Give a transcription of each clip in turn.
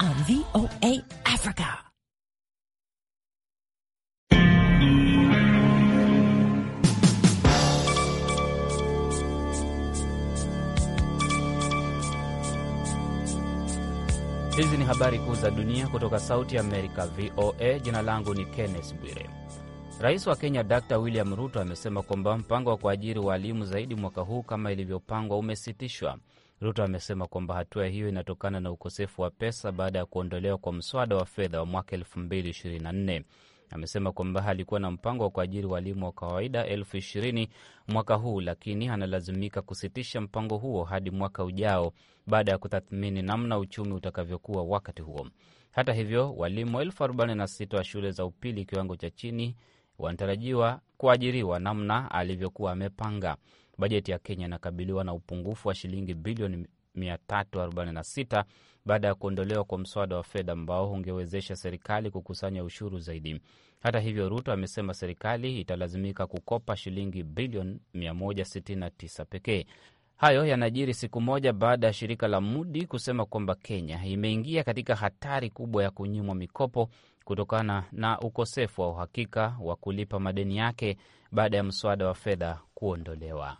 on VOA Africa. Hizi ni habari kuu za dunia kutoka Sauti ya Amerika, VOA. Jina langu ni Kenneth Bwire. Rais wa Kenya Dr William Ruto amesema kwamba mpango wa kuajiri waalimu zaidi mwaka huu kama ilivyopangwa umesitishwa. Ruto amesema kwamba hatua hiyo inatokana na ukosefu wa pesa baada ya kuondolewa kwa mswada wa fedha wa mwaka 2024. Amesema kwamba alikuwa na mpango wa kuajiri walimu wa kawaida elfu ishirini mwaka huu, lakini analazimika kusitisha mpango huo hadi mwaka ujao baada ya kutathmini namna uchumi utakavyokuwa wakati huo. Hata hivyo, walimu elfu arobaini na sita wa shule za upili kiwango cha chini wanatarajiwa kuajiriwa namna alivyokuwa amepanga. Bajeti ya Kenya inakabiliwa na upungufu wa shilingi bilioni 346 baada ya kuondolewa kwa mswada wa fedha ambao ungewezesha serikali kukusanya ushuru zaidi. Hata hivyo, Ruto amesema serikali italazimika kukopa shilingi bilioni 169 pekee. Hayo yanajiri siku moja baada ya shirika la Mudi kusema kwamba Kenya imeingia katika hatari kubwa ya kunyimwa mikopo kutokana na ukosefu wa uhakika wa kulipa madeni yake baada ya mswada wa fedha kuondolewa.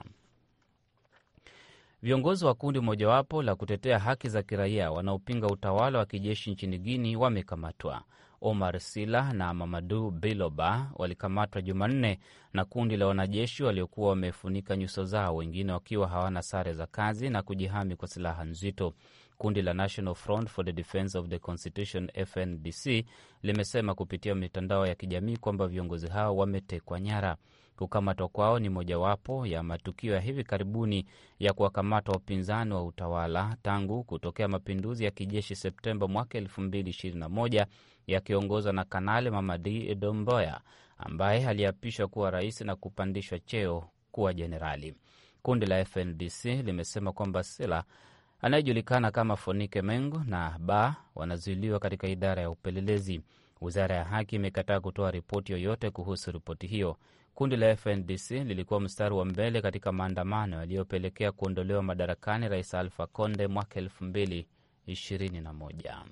Viongozi wa kundi mojawapo la kutetea haki za kiraia wanaopinga utawala wa kijeshi nchini Guini wamekamatwa. Omar Sila na Mamadu Biloba walikamatwa Jumanne na kundi la wanajeshi waliokuwa wamefunika nyuso zao, wengine wakiwa hawana sare za kazi na kujihami kwa silaha nzito. Kundi la National Front for the Defense of the Constitution FNDC limesema kupitia mitandao ya kijamii kwamba viongozi hao wametekwa nyara. Kukamatwa kwao ni mojawapo ya matukio ya hivi karibuni ya kuwakamata wapinzani wa utawala tangu kutokea mapinduzi ya kijeshi Septemba mwaka 2021 yakiongozwa na Kanali Mamadi domboya ambaye aliapishwa kuwa rais na kupandishwa cheo kuwa jenerali. Kundi la FNDC limesema kwamba Sila anayejulikana kama Fonike Mengo na Ba wanazuiliwa katika idara ya upelelezi. Wizara ya haki imekataa kutoa ripoti yoyote kuhusu ripoti hiyo. Kundi la FNDC lilikuwa mstari wa mbele katika maandamano yaliyopelekea kuondolewa madarakani Rais Alfa Conde mwaka 221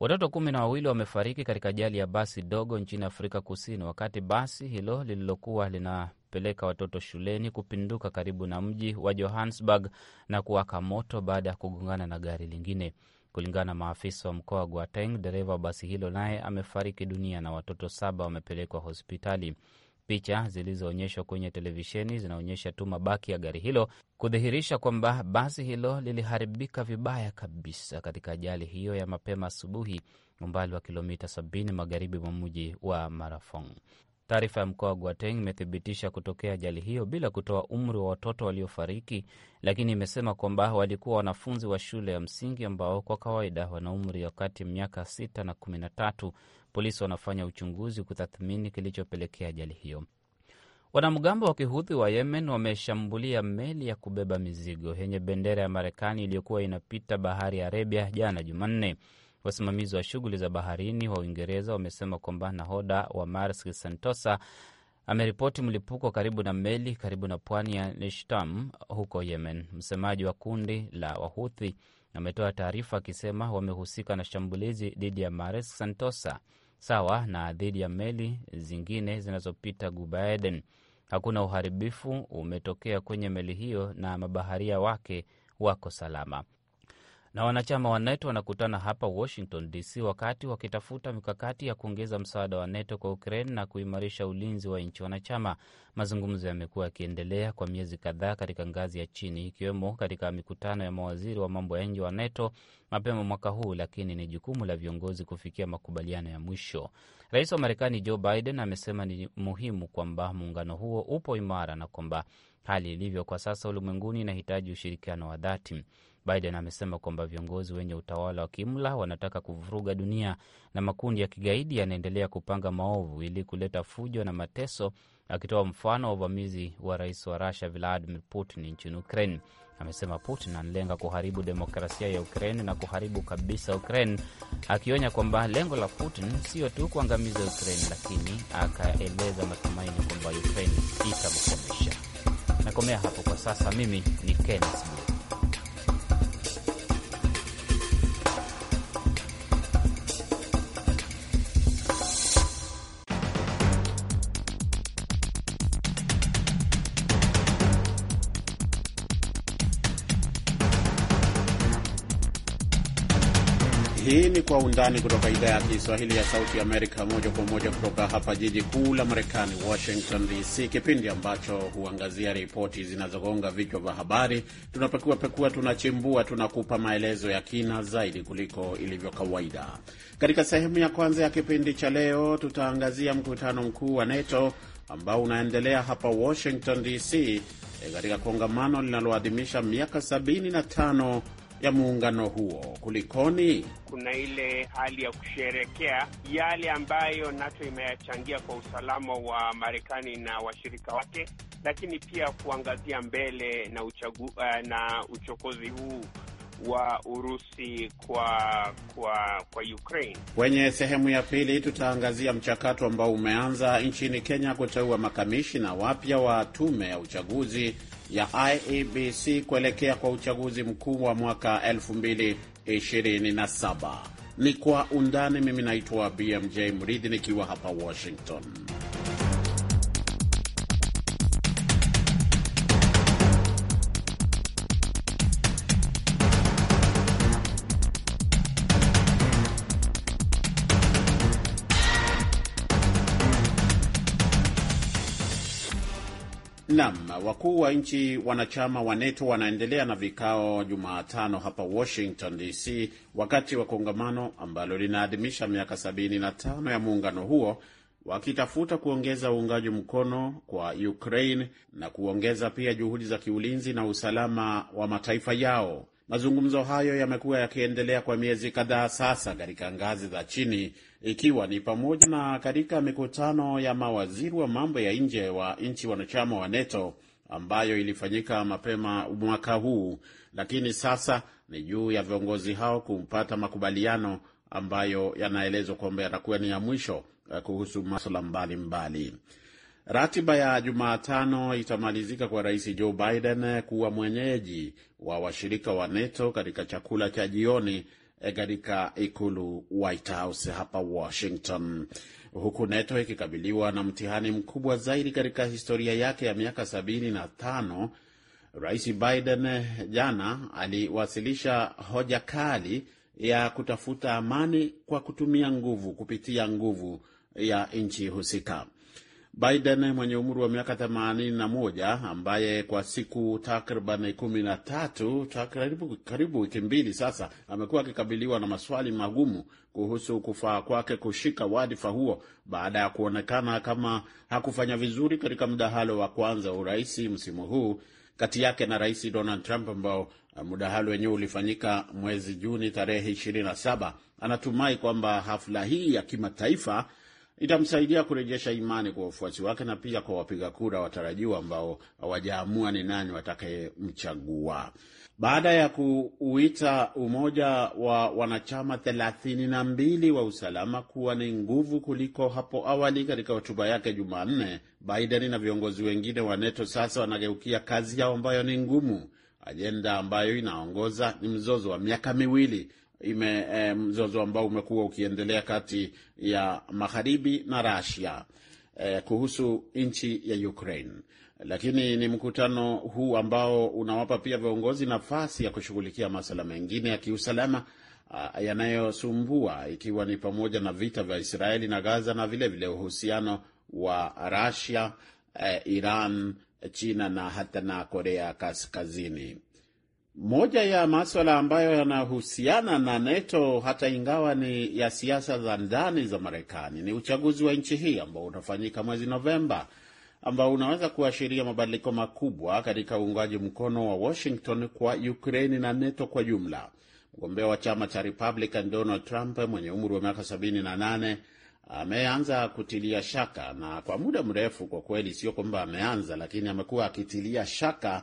Watoto kumi na wawili wamefariki katika ajali ya basi dogo nchini Afrika Kusini wakati basi hilo lililokuwa linapeleka watoto shuleni kupinduka karibu na mji wa Johannesburg na kuwaka moto baada ya kugongana na gari lingine. Kulingana na maafisa wa mkoa wa Gauteng, dereva wa basi hilo naye amefariki dunia na watoto saba wamepelekwa hospitali. Picha zilizoonyeshwa kwenye televisheni zinaonyesha tu mabaki ya gari hilo kudhihirisha kwamba basi hilo liliharibika vibaya kabisa katika ajali hiyo ya mapema asubuhi, umbali wa kilomita 70 magharibi mwa mji wa Marafong. Taarifa ya mkoa wa Guateng imethibitisha kutokea ajali hiyo bila kutoa umri wa watoto waliofariki, lakini imesema kwamba walikuwa wanafunzi wa shule ya msingi ambao kwa kawaida wana umri wa kati ya miaka 6 na 13 Polisi wanafanya uchunguzi kutathmini kilichopelekea ajali hiyo. Wanamgambo wa kihudhi wa Yemen wameshambulia meli ya kubeba mizigo yenye bendera ya Marekani iliyokuwa inapita bahari ya Arabia jana Jumanne. Wasimamizi wa shughuli za baharini wa Uingereza wamesema kwamba nahoda wa Maersk Santosa ameripoti mlipuko karibu na meli karibu na pwani ya Nishtam huko Yemen. Msemaji wa kundi la Wahuthi ametoa taarifa akisema wamehusika na shambulizi dhidi ya Maersk Santosa sawa na dhidi ya meli zingine zinazopita Ghuba Hakuna uharibifu umetokea kwenye meli hiyo na mabaharia wake wako salama na wanachama wa NATO wanakutana hapa Washington DC wakati wakitafuta mikakati ya kuongeza msaada wa NATO kwa Ukraine na kuimarisha ulinzi wa nchi wanachama. Mazungumzo yamekuwa yakiendelea kwa miezi kadhaa katika ngazi ya chini, ikiwemo katika mikutano ya mawaziri wa mambo ya nje wa NATO mapema mwaka huu, lakini ni jukumu la viongozi kufikia makubaliano ya mwisho. Rais wa Marekani Joe Biden amesema ni muhimu kwamba muungano huo upo imara na kwamba hali ilivyo kwa sasa ulimwenguni inahitaji ushirikiano wa dhati. Biden amesema kwamba viongozi wenye utawala wa kimla wanataka kuvuruga dunia na makundi ya kigaidi yanaendelea kupanga maovu ili kuleta fujo na mateso, akitoa mfano wa uvamizi wa rais wa Rusia Vladimir Putin nchini Ukraine. Amesema Putin analenga kuharibu demokrasia ya Ukraine na kuharibu kabisa Ukraine, akionya kwamba lengo la Putin sio tu kuangamiza Ukraine, lakini akaeleza matumaini kwamba Ukraine itamkomesha. Nakomea hapo kwa sasa. Mimi ni Kenneth Hii ni Kwa Undani kutoka idhaa ya Kiswahili ya Sauti Amerika, moja kwa moja kutoka hapa jiji kuu la Marekani, Washington DC, kipindi ambacho huangazia ripoti zinazogonga vichwa vya habari. Tunapekuapekua, tunachimbua, tunakupa maelezo ya kina zaidi kuliko ilivyo kawaida. Katika sehemu ya kwanza ya kipindi cha leo, tutaangazia mkutano mkuu wa NATO ambao unaendelea hapa Washington DC eh, katika kongamano linaloadhimisha miaka 75 ya muungano huo. Kulikoni? Kuna ile hali ya kusherekea yale ambayo NATO imeyachangia kwa usalama wa Marekani na washirika wake, lakini pia kuangazia mbele na uchagu, eh, na uchokozi huu wa Urusi kwa kwa kwa Ukraine. Kwenye sehemu ya pili tutaangazia mchakato ambao umeanza nchini Kenya kuteua makamishina wapya wa tume ya uchaguzi ya IEBC kuelekea kwa uchaguzi mkuu wa mwaka 2027. Ni kwa undani. Mimi naitwa BMJ Mridhi nikiwa hapa Washington. nam wakuu wa nchi wanachama wa NATO wanaendelea na vikao Jumatano hapa Washington DC, wakati wa kongamano ambalo linaadhimisha miaka 75 ya muungano huo, wakitafuta kuongeza uungaji mkono kwa Ukraine na kuongeza pia juhudi za kiulinzi na usalama wa mataifa yao. Mazungumzo hayo yamekuwa yakiendelea kwa miezi kadhaa sasa katika ngazi za chini ikiwa ni pamoja na katika mikutano ya mawaziri wa mambo ya nje wa nchi wanachama wa NATO ambayo ilifanyika mapema mwaka huu, lakini sasa ni juu ya viongozi hao kupata makubaliano ambayo yanaelezwa kwamba yatakuwa ni ya mwisho eh, kuhusu maswala mbalimbali. Ratiba ya Jumatano itamalizika kwa Rais Joe Biden eh, kuwa mwenyeji wa washirika wa NATO katika chakula cha jioni Eh, katika ikulu White House hapa Washington, huku NATO ikikabiliwa na mtihani mkubwa zaidi katika historia yake ya miaka sabini na tano. Rais Biden eh, jana aliwasilisha hoja kali ya kutafuta amani kwa kutumia nguvu kupitia nguvu ya nchi husika. Biden mwenye umri wa miaka 81 ambaye kwa siku takriban kumi na tatu karibu, karibu wiki mbili sasa amekuwa akikabiliwa na maswali magumu kuhusu kufaa kwake kushika wadhifa huo baada ya kuonekana kama hakufanya vizuri katika mdahalo wa kwanza wa urais msimu huu kati yake na Rais Donald Trump ambao mdahalo wenyewe ulifanyika mwezi Juni tarehe 27. Anatumai kwamba hafla hii ya kimataifa itamsaidia kurejesha imani kwa wafuasi wake na pia kwa wapiga kura watarajiwa ambao hawajaamua ni nani watakayemchagua. Baada ya kuuita umoja wa wanachama thelathini na mbili wa usalama kuwa ni nguvu kuliko hapo awali, katika hotuba yake Jumanne, Biden na viongozi wengine wa NATO sasa wanageukia kazi yao ambayo ni ngumu. Ajenda ambayo inaongoza ni mzozo wa miaka miwili ime e, mzozo ambao umekuwa ukiendelea kati ya magharibi na Russia e, kuhusu nchi ya Ukraine. Lakini ni mkutano huu ambao unawapa pia viongozi nafasi ya kushughulikia masuala mengine ya kiusalama ah, yanayosumbua ikiwa ni pamoja na vita vya Israeli na Gaza na vilevile vile uhusiano wa Russia, eh, Iran, China na hata na Korea Kaskazini. Moja ya maswala ambayo yanahusiana na NATO hata ingawa ni ya siasa za ndani za Marekani ni uchaguzi wa nchi hii ambao utafanyika mwezi Novemba, ambao unaweza kuashiria mabadiliko makubwa katika uungaji mkono wa Washington kwa Ukraini na NATO kwa jumla. Mgombea wa chama cha Republican Donald Trump mwenye umri wa miaka 78 ameanza kutilia shaka, na kwa muda mrefu kwa kweli, sio kwamba ameanza, lakini amekuwa akitilia shaka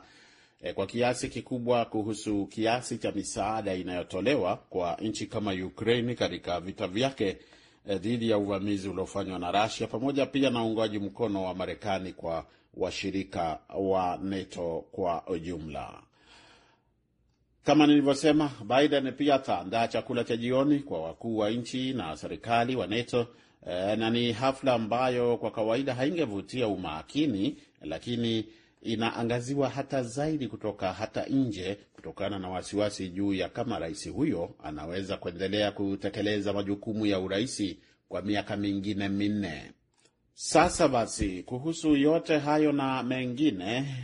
Eh, kwa kiasi kikubwa kuhusu kiasi cha misaada inayotolewa kwa nchi kama Ukraine katika vita vyake eh, dhidi ya uvamizi uliofanywa na Russia pamoja pia na uungaji mkono wa Marekani kwa washirika wa NATO kwa ujumla. Kama nilivyosema, Biden pia ataandaa chakula cha jioni kwa wakuu wa nchi na serikali wa NATO e, na ni hafla ambayo kwa kawaida haingevutia umakini, lakini inaangaziwa hata zaidi kutoka hata nje kutokana na wasiwasi juu ya kama rais huyo anaweza kuendelea kutekeleza majukumu ya uraisi kwa miaka mingine minne. Sasa basi, kuhusu yote hayo na mengine,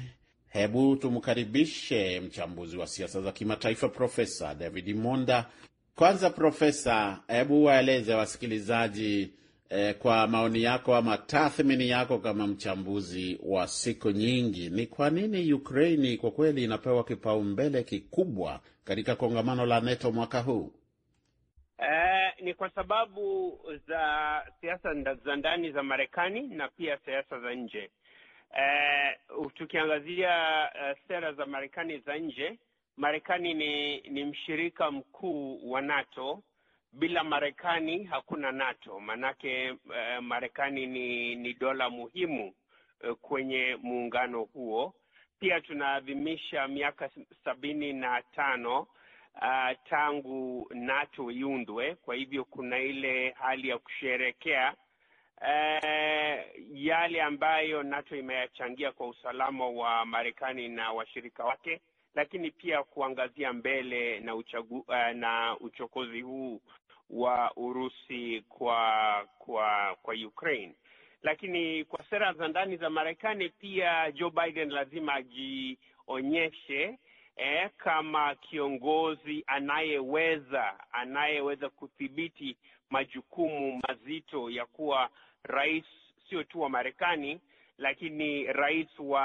hebu tumkaribishe mchambuzi wa siasa za kimataifa Profesa David Monda. Kwanza Profesa, hebu waeleze wasikilizaji eh, kwa maoni yako ama tathmini yako kama mchambuzi wa siku nyingi, ni kwa nini Ukraini kwa kweli inapewa kipaumbele kikubwa katika kongamano la NATO mwaka huu? Eh, ni kwa sababu za siasa za ndani za Marekani na pia siasa za nje. Eh, tukiangazia uh, sera za Marekani za nje, Marekani ni, ni mshirika mkuu wa NATO bila Marekani hakuna NATO, manake uh, Marekani ni, ni dola muhimu uh, kwenye muungano huo. Pia tunaadhimisha miaka sabini na tano uh, tangu NATO iundwe, kwa hivyo kuna ile hali ya kusherekea uh, yale ambayo NATO imeyachangia kwa usalama wa Marekani na washirika wake lakini pia kuangazia mbele na uchagu, na uchokozi huu wa Urusi kwa kwa kwa Ukraine. Lakini kwa sera za ndani za Marekani pia Joe Biden lazima ajionyeshe eh, kama kiongozi anayeweza anayeweza kudhibiti majukumu mazito ya kuwa rais sio tu wa Marekani lakini rais wa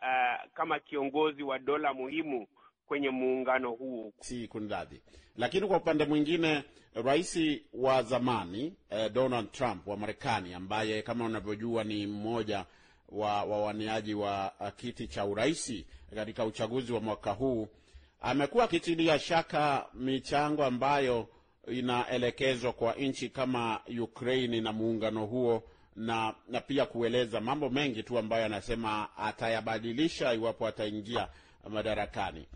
uh, kama kiongozi wa dola muhimu kwenye muungano huu, si kunradhi. Lakini kwa upande mwingine, rais wa zamani eh, Donald Trump wa Marekani ambaye kama unavyojua ni mmoja wa wawaniaji wa eh, kiti cha uraisi katika uchaguzi wa mwaka huu amekuwa akitilia shaka michango ambayo inaelekezwa kwa nchi kama Ukraine na muungano huo na, na pia kueleza mambo mengi tu ambayo anasema atayabadilisha iwapo ataingia madarakani.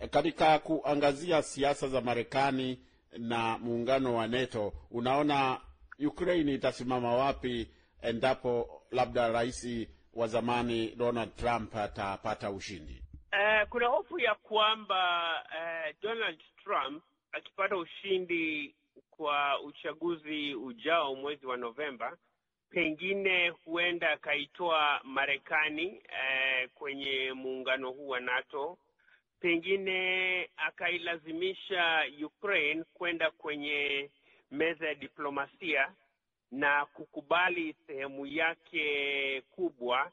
Eh, katika kuangazia siasa za Marekani na muungano wa NATO, unaona Ukraine itasimama wapi endapo labda rais wa zamani Donald Trump atapata ushindi? Uh, kuna hofu ya kwamba uh, Donald Trump akipata ushindi kwa uchaguzi ujao mwezi wa Novemba, pengine huenda akaitoa Marekani uh, kwenye muungano huu wa NATO pengine akailazimisha Ukraine kwenda kwenye meza ya diplomasia na kukubali sehemu yake kubwa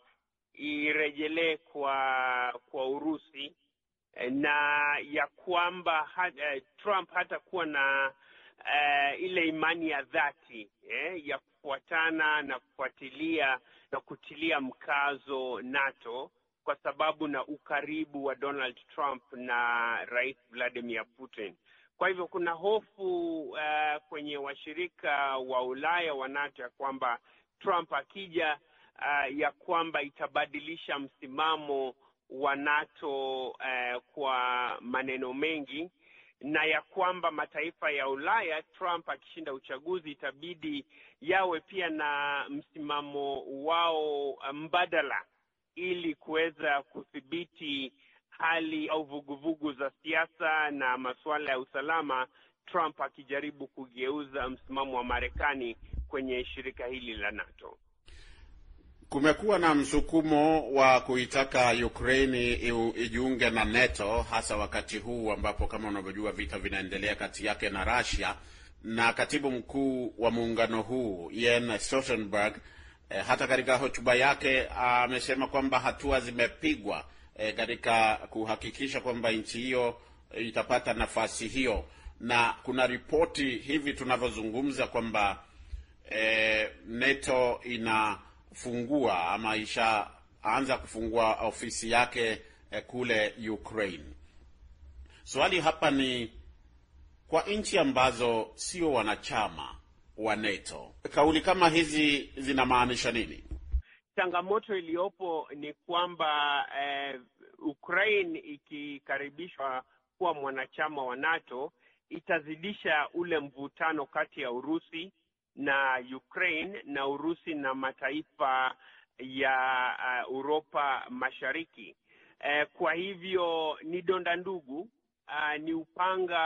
irejelee kwa kwa Urusi eh, na ya kwamba ha, eh, Trump hatakuwa na uh, ile imani ya dhati eh, ya kufuatana na kufuatilia na kutilia mkazo NATO kwa sababu na ukaribu wa Donald Trump na Rais Vladimir Putin. Kwa hivyo kuna hofu uh, kwenye washirika wa Ulaya wa NATO ya kwamba Trump akija, uh, ya kwamba itabadilisha msimamo wa NATO uh, kwa maneno mengi na ya kwamba mataifa ya Ulaya Trump akishinda uchaguzi itabidi yawe pia na msimamo wao mbadala ili kuweza kudhibiti hali au vuguvugu za siasa na masuala ya usalama, Trump akijaribu kugeuza msimamo wa Marekani kwenye shirika hili la NATO. Kumekuwa na msukumo wa kuitaka Ukraini ijiunge na NATO hasa wakati huu ambapo kama unavyojua vita vinaendelea kati yake na Russia, na katibu mkuu wa muungano huu Jens Stoltenberg E, hata katika hotuba yake ah, amesema kwamba hatua zimepigwa e, katika kuhakikisha kwamba nchi hiyo eh, itapata nafasi hiyo, na kuna ripoti hivi tunavyozungumza kwamba e, NATO inafungua ama ishaanza kufungua ofisi yake e, kule Ukraine. Swali hapa ni kwa nchi ambazo sio wanachama wa NATO. Kauli kama hizi zinamaanisha nini? Changamoto iliyopo ni kwamba eh, Ukraine ikikaribishwa kuwa mwanachama wa NATO itazidisha ule mvutano kati ya Urusi na Ukraine na Urusi na mataifa ya uh, Uropa Mashariki. Eh, kwa hivyo ni donda ndugu, uh, ni upanga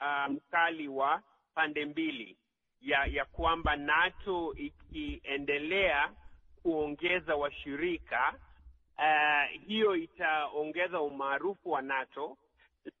uh, mkali wa pande mbili ya, ya kwamba NATO ikiendelea kuongeza washirika uh, hiyo itaongeza umaarufu wa NATO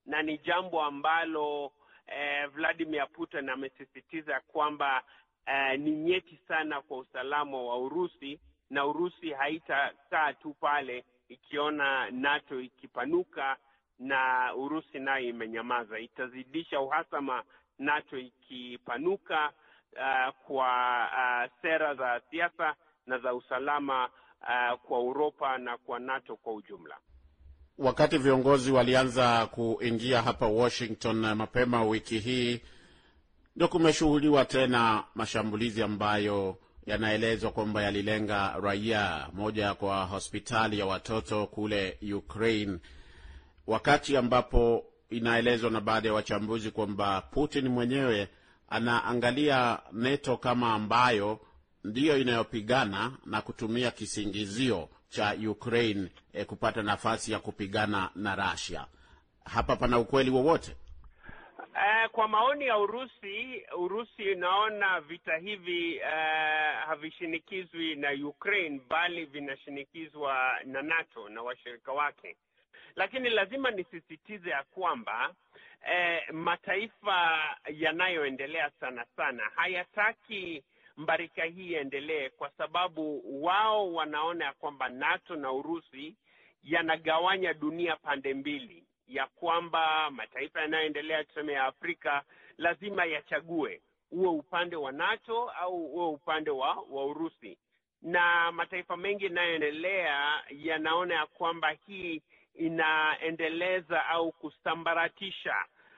na ni jambo ambalo uh, Vladimir Putin amesisitiza kwamba uh, ni nyeti sana kwa usalama wa Urusi na Urusi haitakaa tu pale ikiona NATO ikipanuka na Urusi nayo imenyamaza. Itazidisha uhasama NATO ikipanuka uh, kwa uh, sera za siasa na za usalama uh, kwa Uropa na kwa NATO kwa ujumla. Wakati viongozi walianza kuingia hapa Washington uh, mapema wiki hii, ndio kumeshuhudiwa tena mashambulizi ambayo yanaelezwa kwamba yalilenga raia, moja kwa hospitali ya watoto kule Ukraine, wakati ambapo inaelezwa na baadhi ya wachambuzi kwamba Putin mwenyewe anaangalia NATO kama ambayo ndiyo inayopigana na kutumia kisingizio cha Ukraine eh, kupata nafasi ya kupigana na Russia. Hapa pana ukweli wowote? Uh, kwa maoni ya Urusi, Urusi inaona vita hivi uh, eh, havishinikizwi na Ukraine bali vinashinikizwa na NATO na washirika wake, lakini lazima nisisitize ya kwamba eh, mataifa yanayoendelea sana sana hayataki mbarika hii iendelee, kwa sababu wao wanaona ya kwamba NATO na Urusi yanagawanya dunia pande mbili, ya kwamba mataifa yanayoendelea tuseme ya Afrika lazima yachague uwe upande wa NATO au uwe upande wa, wa Urusi na mataifa mengi yanayoendelea yanaona ya kwamba hii inaendeleza au kusambaratisha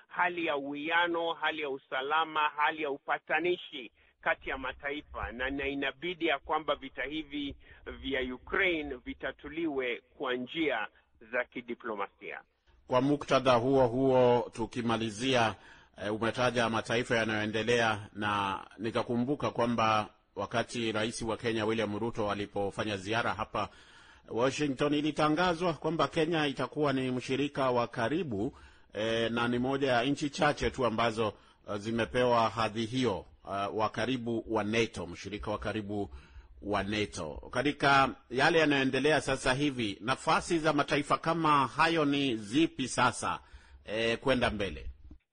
hali ya uwiano, hali ya usalama, hali ya upatanishi kati ya mataifa na, na inabidi ya kwamba vita hivi vya Ukraine vitatuliwe kwa njia za kidiplomasia. Kwa muktadha huo huo, tukimalizia e, umetaja mataifa yanayoendelea na nikakumbuka kwamba wakati rais wa Kenya William Ruto alipofanya ziara hapa Washington ilitangazwa kwamba Kenya itakuwa ni mshirika wa karibu e, na ni moja ya nchi chache tu ambazo e, zimepewa hadhi hiyo uh, wa karibu wa NATO, mshirika wa karibu wa NATO. Katika yale yanayoendelea sasa hivi, nafasi za mataifa kama hayo ni zipi sasa e, kwenda mbele?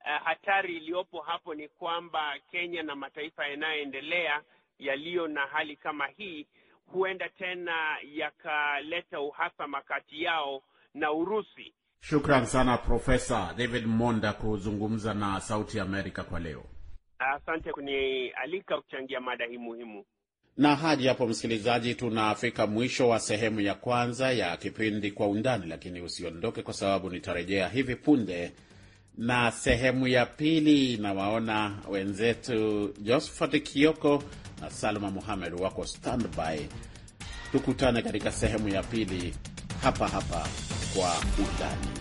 E, hatari iliyopo hapo ni kwamba Kenya na mataifa yanayoendelea yaliyo na hali kama hii huenda tena yakaleta uhasama kati yao na Urusi. Shukran sana Profesa David Monda kuzungumza na Sauti ya Amerika kwa leo. Asante kunialika kuchangia mada hii muhimu. Na hadi hapo, msikilizaji, tunafika mwisho wa sehemu ya kwanza ya kipindi Kwa Undani, lakini usiondoke, kwa sababu nitarejea hivi punde na sehemu ya pili. Nawaona wenzetu Josphat Kioko na Salma Muhamed wako standby. Tukutane katika sehemu ya pili hapa hapa kwa Undani.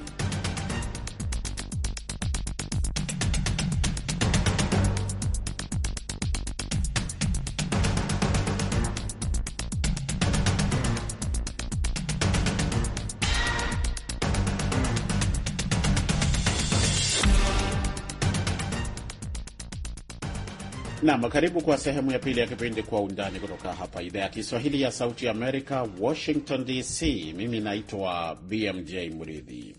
Nam, karibu kwa sehemu ya pili ya kipindi Kwa Undani kutoka hapa idhaa ya Kiswahili ya Sauti ya Amerika, Washington DC. Mimi naitwa BMJ Mridhi.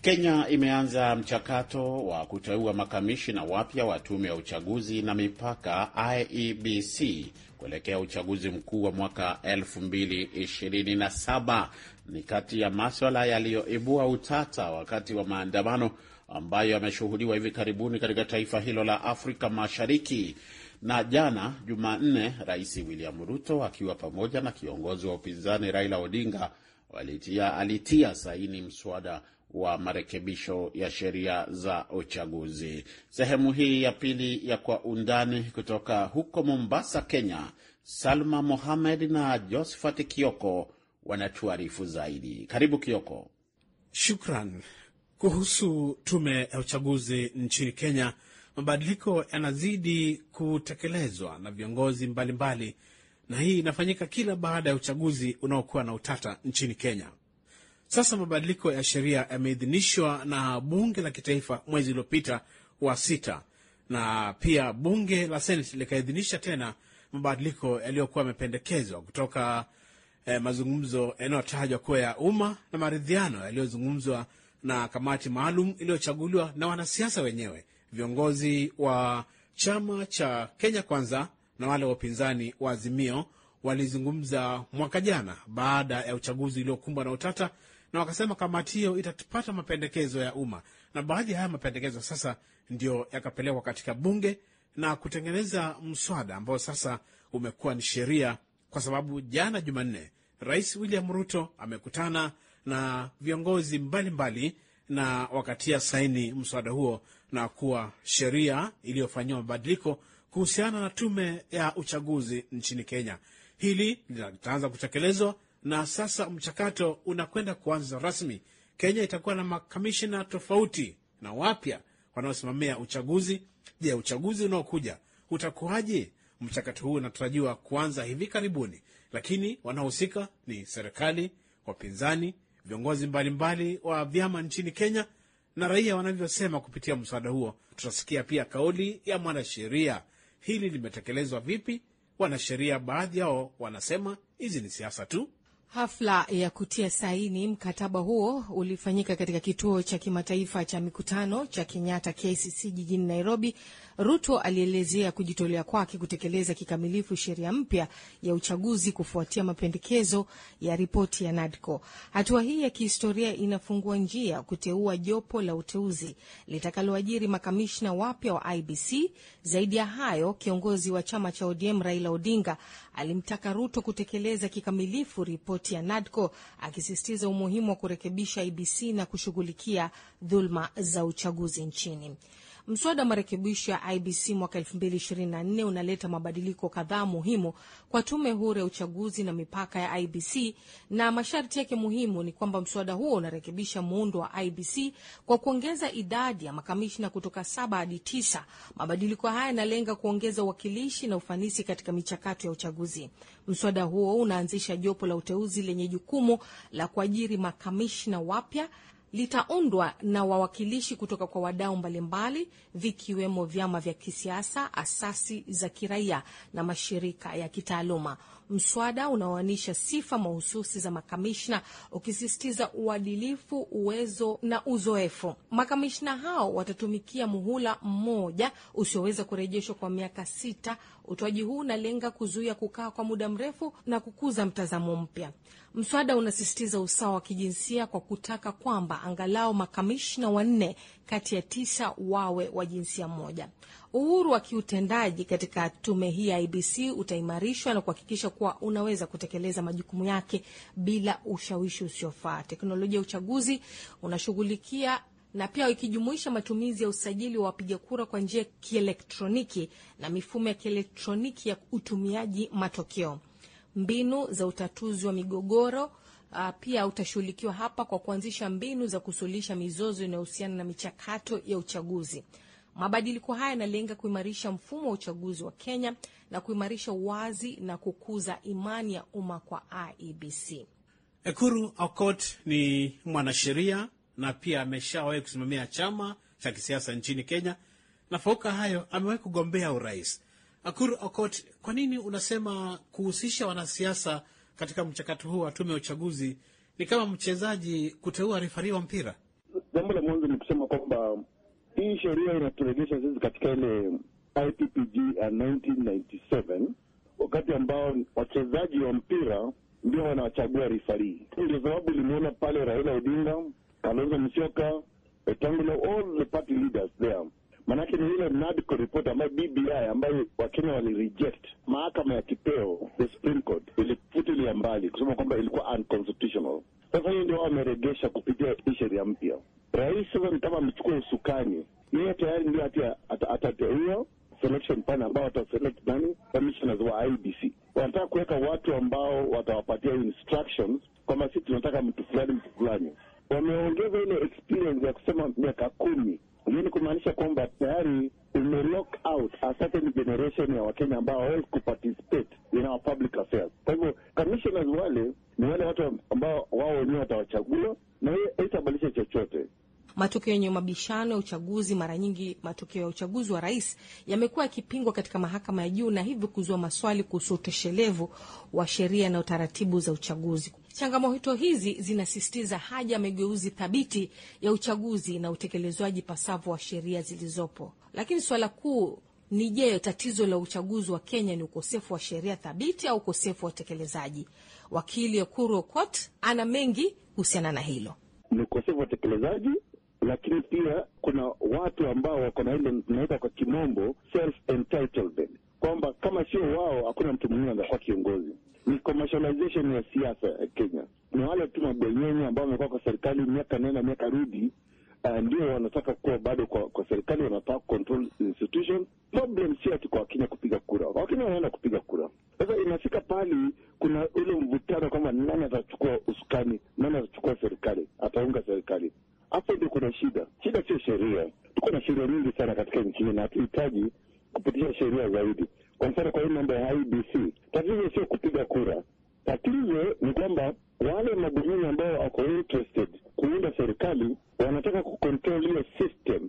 Kenya imeanza mchakato wa kuteua makamishina wapya wa tume ya uchaguzi na mipaka IEBC kuelekea uchaguzi mkuu wa mwaka 2027. Ni kati ya maswala yaliyoibua utata wakati wa maandamano ambayo yameshuhudiwa hivi karibuni katika taifa hilo la Afrika Mashariki. Na jana Jumanne, Rais William Ruto akiwa pamoja na kiongozi wa upinzani Raila Odinga walitia, alitia saini mswada wa marekebisho ya sheria za uchaguzi. Sehemu hii ya pili ya Kwa Undani kutoka huko Mombasa, Kenya, Salma Mohamed na Josephat Kioko wanatuarifu zaidi. Karibu Kioko. Shukran. Kuhusu tume ya uchaguzi nchini Kenya mabadiliko yanazidi kutekelezwa na viongozi mbalimbali mbali, na hii inafanyika kila baada ya uchaguzi unaokuwa na utata nchini Kenya. Sasa mabadiliko ya sheria yameidhinishwa na bunge la kitaifa mwezi uliopita wa sita, na pia bunge la Seneti likaidhinisha tena mabadiliko yaliyokuwa yamependekezwa kutoka eh, mazungumzo yanayotajwa kuwa ya umma na maridhiano yaliyozungumzwa na kamati maalum iliyochaguliwa na wanasiasa wenyewe viongozi wa chama cha Kenya Kwanza na wale wa upinzani wa Azimio walizungumza mwaka jana baada ya uchaguzi uliokumbwa na utata, na wakasema kamati hiyo itapata mapendekezo ya umma, na baadhi ya haya mapendekezo sasa ndio yakapelekwa katika bunge na kutengeneza mswada ambao sasa umekuwa ni sheria, kwa sababu jana Jumanne Rais William Ruto amekutana na viongozi mbalimbali mbali, na wakatia saini mswada huo na kuwa sheria iliyofanyiwa mabadiliko kuhusiana na tume ya uchaguzi nchini Kenya. Hili litaanza kutekelezwa na sasa mchakato unakwenda kuanza rasmi. Kenya itakuwa na makamishina tofauti na wapya wanaosimamia uchaguzi. Je, uchaguzi unaokuja utakuwaje? Mchakato huu unatarajiwa kuanza hivi karibuni, lakini wanaohusika ni serikali, wapinzani, viongozi mbalimbali wa vyama nchini Kenya na raia wanavyosema kupitia mswada huo. Tutasikia pia kauli ya mwanasheria, hili limetekelezwa vipi? Wanasheria baadhi yao wanasema hizi ni siasa tu. Hafla ya kutia saini mkataba huo ulifanyika katika kituo cha kimataifa cha mikutano cha Kenyatta KCC jijini Nairobi. Ruto alielezea kujitolea kwake kutekeleza kikamilifu sheria mpya ya uchaguzi kufuatia mapendekezo ya ripoti ya NADCO. Hatua hii ya kihistoria inafungua njia kuteua jopo la uteuzi litakaloajiri makamishna wapya wa IBC. Zaidi ya hayo, kiongozi wa chama cha ODM Raila Odinga alimtaka Ruto kutekeleza kikamilifu ripoti ripoti ya NADCO akisisitiza umuhimu wa kurekebisha IBC na kushughulikia dhuluma za uchaguzi nchini. Mswada wa marekebisho ya IBC mwaka 2024 unaleta mabadiliko kadhaa muhimu kwa tume huru ya uchaguzi na mipaka ya IBC, na masharti yake muhimu ni kwamba mswada huo unarekebisha muundo wa IBC kwa kuongeza idadi ya makamishna kutoka saba hadi tisa. Mabadiliko haya yanalenga kuongeza uwakilishi na ufanisi katika michakato ya uchaguzi. Mswada huo unaanzisha jopo la uteuzi lenye jukumu la kuajiri makamishna wapya litaundwa na wawakilishi kutoka kwa wadau mbalimbali vikiwemo vyama vya kisiasa, asasi za kiraia na mashirika ya kitaaluma. Mswada unaoanisha sifa mahususi za makamishna ukisisitiza uadilifu, uwezo na uzoefu. Makamishna hao watatumikia muhula mmoja usioweza kurejeshwa kwa miaka sita. Utoaji huu unalenga kuzuia kukaa kwa muda mrefu na kukuza mtazamo mpya. Mswada unasisitiza usawa wa kijinsia kwa kutaka kwamba angalau makamishna wanne kati ya tisa wawe wa jinsia moja. Uhuru wa kiutendaji katika tume hii ya IBC utaimarishwa na kuhakikisha kuwa unaweza kutekeleza majukumu yake bila ushawishi usiofaa. Teknolojia ya uchaguzi unashughulikia na pia ikijumuisha matumizi ya usajili wa wapiga kura kwa njia ya kielektroniki na mifumo ya kielektroniki ya utumiaji matokeo, mbinu za utatuzi wa migogoro uh, pia utashughulikiwa hapa kwa kuanzisha mbinu za kusuluhisha mizozo inayohusiana na michakato ya uchaguzi. Mabadiliko haya yanalenga kuimarisha mfumo wa uchaguzi wa Kenya na kuimarisha uwazi na kukuza imani ya umma kwa IEBC. Ekuru Aukot ni mwanasheria na pia ameshawahi kusimamia chama cha kisiasa nchini Kenya, na fauka hayo amewahi kugombea urais. Akuru Okot, kwa nini unasema kuhusisha wanasiasa katika mchakato huu wa tume ya uchaguzi ni kama mchezaji kuteua rifari wa mpira. Jambo la mwanzo ni kusema kwamba hii sheria inaturejesha sisi katika ile IPPG ya 1997 wakati ambao wachezaji wa mpira ndio wanawachagua rifari. Ndio sababu limeona pale Raila Odinga, Kalonzo Musyoka, Wetangula, all the party leaders there Maanake ni ile NADCO report ambayo BBI ambayo Wakenya walireject, mahakama ya kipeo the Supreme Court ilifutilia mbali kusema kwamba ilikuwa unconstitutional. Sasa hiyo ndio wao wameregesha kupitia sheria mpya. Rais sasa ni kama amechukua usukani, yeye tayari ndio atateua selection panel ambao wataselect nani commissioners wa IBC. Wanataka kuweka watu ambao watawapatia instructions kwamba sisi tunataka mtu fulani mtu fulani. Wameongeza ile experience ya kusema miaka kumi hiyo ni kumaanisha kwamba tayari ume lock out a certain generation ya Wakenya ambao hawawezi kuparticipate in our public affairs. Kwa hivyo commissioners wale ni wale watu ambao wao wenyewe watawachagua, na yeye haitabadilisha chochote. Matokeo yenye mabishano ya uchaguzi, mara nyingi matokeo ya uchaguzi wa rais yamekuwa yakipingwa katika mahakama ya juu na hivyo kuzua maswali kuhusu utoshelevu wa sheria na utaratibu za uchaguzi. Changamoto hizi zinasisitiza haja ya mageuzi thabiti ya uchaguzi na utekelezwaji pasavyo wa sheria zilizopo, lakini suala kuu ni je, tatizo la uchaguzi wa Kenya ni ukosefu wa sheria thabiti au ukosefu wa utekelezaji? Wakili Ekuru Aukot ana mengi kuhusiana na hilo. Ni ukosefu wa utekelezaji lakini pia kuna watu ambao wako na ile tunaita kwa kimombo self entitlement, kwamba kama sio wao hakuna mtu mwingine angekuwa kiongozi. Ni commercialization ya siasa ya Kenya. Ni wale tu mabwenyenye ambao wamekuwa kwa serikali miaka nenda miaka rudi, uh, ndio wanataka kuwa bado kwa, kwa serikali, wanataka control institution. Problem sio ati kwa Wakenya kupiga kura, Wakenya wanaenda kupiga kura. Sasa inafika pahali kuna ule mvutano kwamba nani atachukua usukani, nani atachukua serikali, ataunga serikali hapo ndio kuna shida. Shida sio sheria. Tuko na sheria nyingi sana katika nchi hii na hatuhitaji kupitisha sheria zaidi. Kwa mfano, kwa hii mambo ya IBC, tatizo sio kupiga kura. Tatizo ni kwamba wale mabunioni ambao wako interested kuunda serikali wanataka kucontrol hiyo system.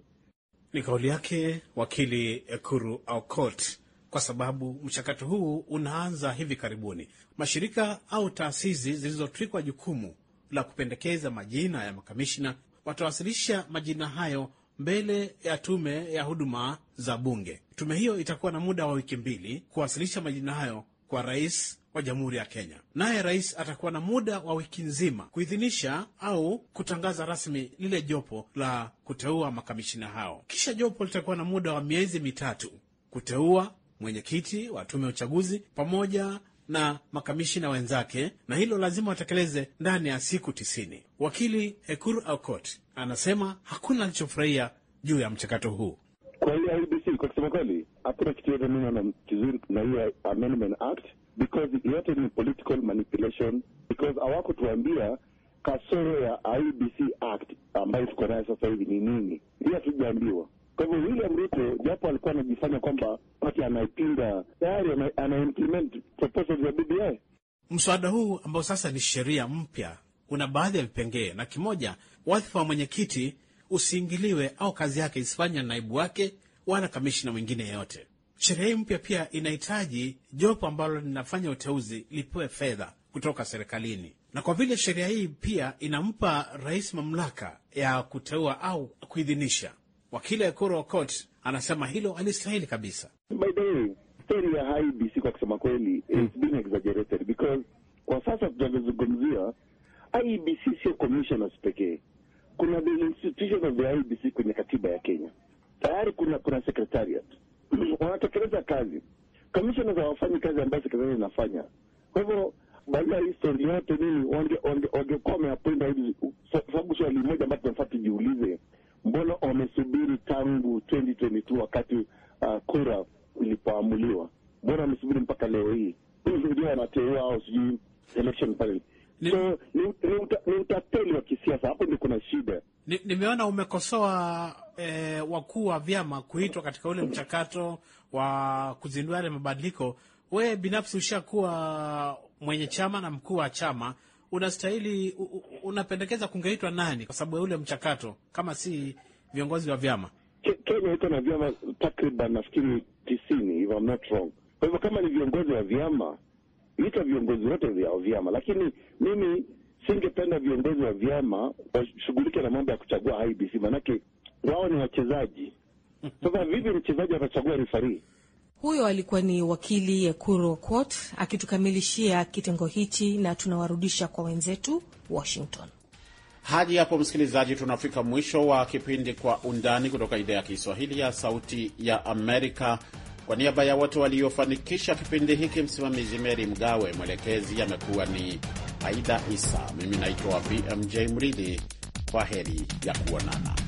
Ni kauli yake wakili Ekuru Aukot, kwa sababu mchakato huu unaanza hivi karibuni. Mashirika au taasisi zilizotwikwa jukumu la kupendekeza majina ya makamishna watawasilisha majina hayo mbele ya tume ya huduma za bunge. Tume hiyo itakuwa na muda wa wiki mbili kuwasilisha majina hayo kwa rais wa Jamhuri ya Kenya, naye rais atakuwa na muda wa wiki nzima kuidhinisha au kutangaza rasmi lile jopo la kuteua makamishina hao. Kisha jopo litakuwa na muda wa miezi mitatu kuteua mwenyekiti wa tume ya uchaguzi pamoja na makamishina wenzake, na hilo lazima watekeleze ndani ya siku tisini. Wakili Ekuru Aukot anasema hakuna alichofurahia juu ya mchakato huu. Kwa hiyo IBC, kwa kusema kweli, hakuna kitu yote mimi na kizuri na hiyo amendment act because yote ni political manipulation because hawakutuambia kasoro ya IBC act ambayo tuko nayo sasa hivi ni nini, hiyo hatujaambiwa. Kwa hivyo William Ruto japo alikuwa anajifanya kwamba wakati anaipinga tayari anaimplement proposal za BBI. Mswada huu ambao sasa ni sheria mpya una baadhi ya vipengee, na kimoja, wadhifa wa mwenyekiti usiingiliwe au kazi yake isifanywe na naibu wake wala kamishina mwingine yeyote. Sheria hii mpya pia inahitaji jopo ambalo linafanya uteuzi lipewe fedha kutoka serikalini, na kwa vile sheria hii pia inampa rais mamlaka ya kuteua au kuidhinisha Wakili Ekuru Okot anasema hilo alistahili kabisa. By the way, ya kwa kusema kweli, hmm. it's been exaggerated because kwa sasa tunavyozungumzia IBC sio commissioners pekee, kuna the institution of the IBC kwenye katiba ya Kenya tayari kuna kuna secretariat wanatekeleza kazi, commissioners hawafanyi kazi ambayo secretariat inafanya. Kwa hivyo baada ya hii stori yote nini, wangekuwa wameapenda hivi, sababu swali moja ambayo tunafaa tujiulize mbona wamesubiri tangu 2022 wakati uh, kura ilipoamuliwa? Mbona wamesubiri mpaka leo hii? Ndio wanateua au sijui election panel? So ni, ni, uta, ni utapeli wa kisiasa. Hapo ndio kuna shida. Nimeona ni umekosoa eh, wakuu wa vyama kuitwa katika ule mchakato wa kuzindua yale mabadiliko. Wewe binafsi ushakuwa mwenye chama na mkuu wa chama, unastahili unapendekeza kungeitwa nani kwa sababu ya ule mchakato kama si viongozi wa vyama? Kenya iko na vyama takriban nafikiri tisini if I'm not wrong. Kwa hivyo kama ni viongozi wa vyama, ita viongozi wote vya vyama, lakini mimi singependa viongozi wa vyama washughulike na mambo ya kuchagua IBC, maanake wao ni wachezaji. Sasa vipi mchezaji atachagua rifarii? Huyo alikuwa ni wakili Ekuru Aukot akitukamilishia kitengo hichi, na tunawarudisha kwa wenzetu Washington. Hadi hapo msikilizaji, tunafika mwisho wa kipindi Kwa Undani kutoka idhaa ya Kiswahili ya Sauti ya Amerika. Kwa niaba ya wote waliofanikisha kipindi hiki, msimamizi Meri Mgawe, mwelekezi amekuwa ni Aida Isa, mimi naitwa BMJ Mridhi. Kwa heri ya kuonana.